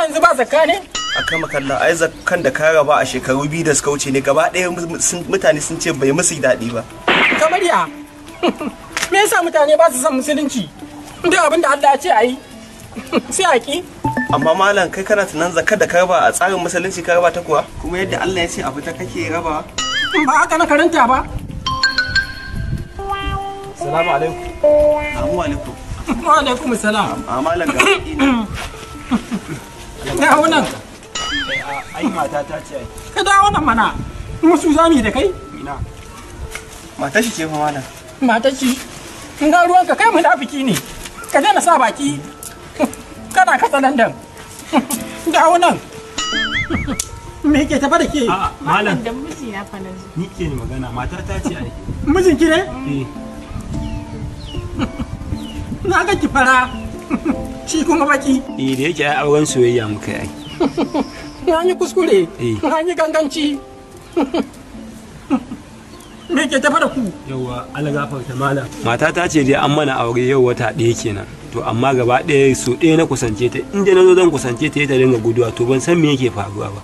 zakka yanzu ba zakka ne a kan makalla ai zakkan da ka raba a shekaru biyu da suka wuce ne gaba ɗaya mutane sun ce bai musu daɗi ba kamar ya me yasa mutane ba su son musulunci da abin da Allah ya ce a yi sai a ki amma malam kai kana tunan zakka da ka raba a tsarin musulunci ka raba ta kuwa kuma yadda Allah ya ce abu ta kake raba ba haka na karanta ba salamu alaikum salamu alaikum wa alaikum salam amma malam ga hau nan ai mata ta ce ai ka dawo nan mana musu zami da kai ina mata shi ce fa mana mata shi in ga ruwan ka kai munafiki ne ka daina sa baki kana katsa landan dawo nan me ke tafa da ke malam da miji na fa nazo ni ke magana mata ta ce ai mijin ki ne eh. na ga ki fara shi kuma baki eh da yake ai auren soyayya muka yi Na yi kuskure eh. na yi ganganci me ke tafa da ku yawa algafar ta mala. mata ta ce dai an mana aure yau wata ɗaya kenan to amma gaba ɗaya so ɗaya na kusance ta inda na zo zan kusance ta ta dinga guduwa to ban san me yake faruwa ba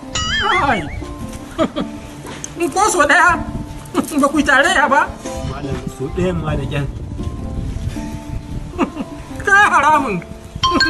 in ko so ɗaya ba ku tare ya ba Mala so ɗaya ma da kyan ka haramun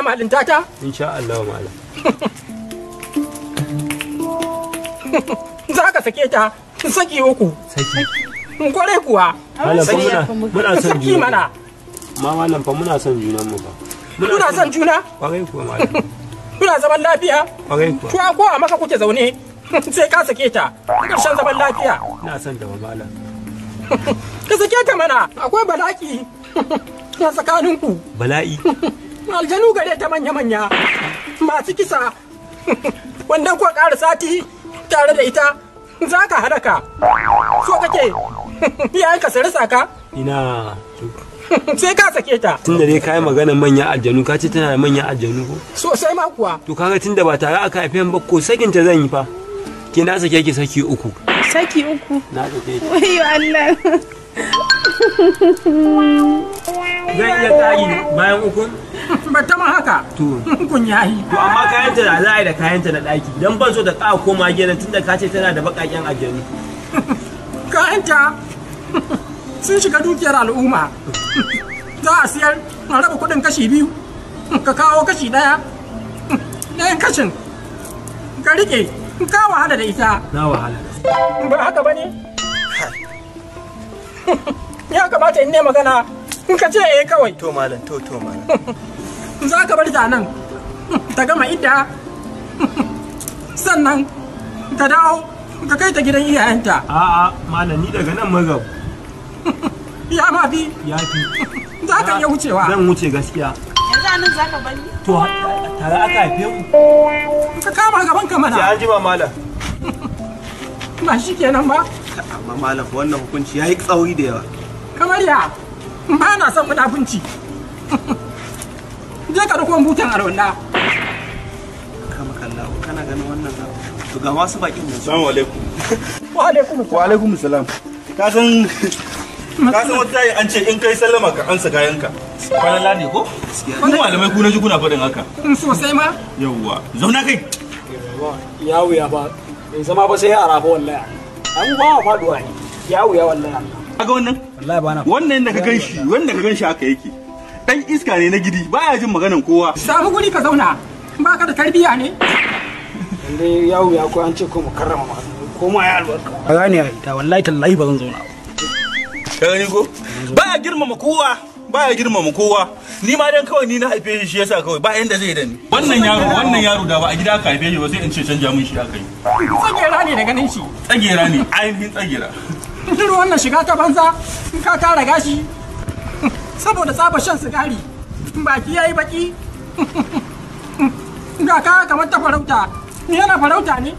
da malinta ta insha Allah malam za ka sake ta saki uku saki kwarai kuwa Malam fa muna muna son juna mana ma malam fa muna son junan mu ba. muna son juna kwarai kuwa malam Kuna zaman lafiya kwarai kuwa tuwa ko a maka kuke zaune sai ka sake ta karshen zaman lafiya ina son da malam ka sake ta mana akwai bala'i na tsakaninku bala'i aljanu gare ta manya-manya masu kisa wannan kuwa ƙara sati tare da ita za ka haraka so kake yayin ka sari saka ina sai ka sake ta tun da ne ka yi maganar manyan aljanu ka ce tana da manyan aljanu ko sosai ma kuwa to kaga tun da ba tare aka haife ba ko sakin ta zan yi fa ke na sake ki saki uku saki uku na sake wai Allah zan iya tsari bayan ukun bata ma haka kun yayi to amma kayan ta za a da kayan ta na daki dan ban so ta ka koma gidan tunda ka ce tana da a aljanu kayan ta sun shiga dukiyar al'umma za a siyar a raba kudin kashi biyu ka kawo kashi daya ɗayan kashin ka rike ka wahala da ita na wahala ba haka ba ne ya kamata in ne magana in ka ce eh kawai to malam to to malam za ka bar ta nan ta gama ita, sannan ta dawo ka kai ta gidan iyayenta a'a malami daga nan magab ya ma fi ya fi za ka iya wucewa zan wuce gaskiya yanzu a nan za ka bari to tare aka haife mu ka kama gaban ka mana ya ji ma malam ba shi kenan ba amma malam wannan hukunci ya yi tsauri da yawa kamar ya ba na son kuɗa bunci je ka dauko butan a alwanda kama kallahu kana ganin wannan ba to ga wasu bakin nan assalamu alaikum wa alaikum wa alaikum salam ka san ka san wata an ce in kai sallama ka ansa kayanka falala ne ko mu malamai ku na ji kuna faɗin haka in sosai ma yawwa zauna kai ya wuya ba in zama ba sai ya arafa wallahi an ba wa faduwa ne ya wuya wallahi kaga wannan wallahi ba na wannan da ka ganshi wanda ka ganshi haka yake dan iska ne na gidi baya jin maganan kowa samu guri ka zauna ba ka da tarbiya ne dai yawo ya ko an ce ko mu karrama ma ko ma ya albarka ka gane ya ta wallahi tallahi ba zan zauna ba ka gani ko baya girmama kowa baya girmama kowa ni ma dan kawai ni na haife shi yasa kawai ba yanda zai dani wannan yaro wannan yaro da ba a gida ka haife shi ba sai in ce canja min shi aka yi tsagera ne da ganin shi tsagera ne ainihin tsagera duk wannan shiga ta banza in ka tara gashi saboda tsaba shan sigari baki yayi baki ga ka kamar ta farauta ni yana farauta ne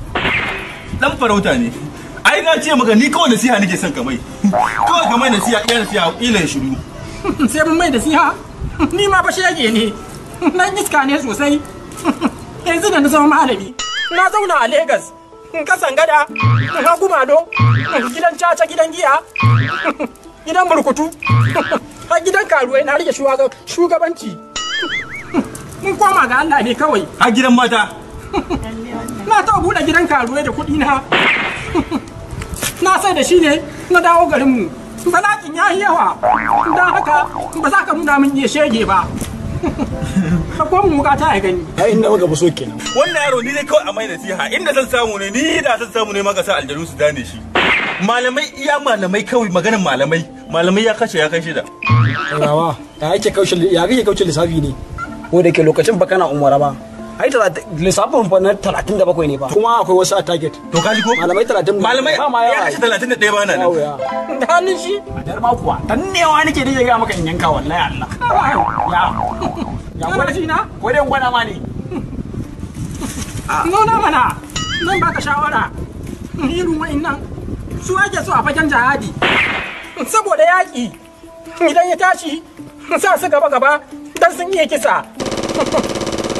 dan farauta ne ai na ce maka ni kawai nasiha nake son kamai kawai kamai nasiha iya nasiha ila ya shiru sai mun mai nasiha ni ma ba yake ne na iska ne sosai yanzu da na zama malami na zauna a Legas kasan gada na gumado gidan caca gidan giya gidan burkutu karuwai na rike shugabanci mun koma ga Allah ne kawai a gidan mata na ta buɗe gidan karuwai da kuɗi na na sai da shi ne na dawo garinmu salakin ya yi yawa don haka ba za ka nuna min iya shege ba ka ko mu ka ta gani ai inda muka so kenan wannan yaro ni zai kawai a mai nasiha inda zan samu ne ni da zan samu ne maka sa aljanu su dane shi malamai iya malamai kawai maganar malamai malamai ya kashe ya kai shida Turawa, ya kauce ya kake lissafi ne? Ko da ke lokacin ba kana umara ba. Ai lissafin fa na 37 ne ba. Kuma akwai wasu a target. To ka ji ko? Malamai 30. Malamai ba ma yawa. Ya 31 ba nan. Da hannun shi. Dar ma kuwa. Tannewa nake da ga maka in yanka wallahi Allah. Ya. Ya gwada shi na? Ko dai gwada ma ne. Nuna mana. Zan baka shawara. Irin wa'annan su ake so a fagen jahadi Saboda yaƙi. idan ya tashi sa su gaba gaba dan sun iya kisa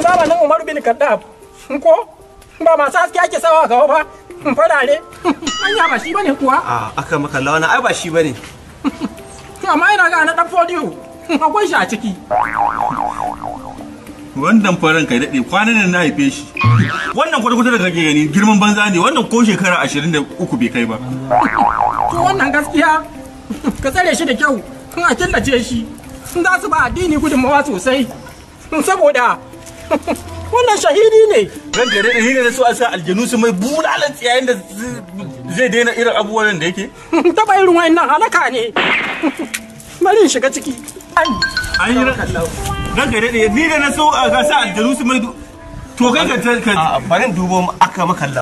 zamanin umaru bin kaddaf ko ba masu haske ake sawa gaba ba farare anya ba shi bane kuwa a aka maka lawana ai ba shi bane amma ina ga na dafo fodiyo akwai shi a ciki wannan faran kai dade kwanan nan na haife shi wannan kwata-kwata da kake gani girman banza ne wannan ko shekara ashirin da uku bai kai ba to wannan gaskiya ka tsare shi da kyau a killace shi za su ba addini gudunmawa sosai saboda wannan shahidi ne ran da rai da su so a sa aljanu su mai bulalan tsiyayen da zai daina irin abubuwan da yake taba irin nan halaka ne bari shiga ciki an yi ran da ni da na so a sa aljanu su mai to kai ka barin dubo aka maka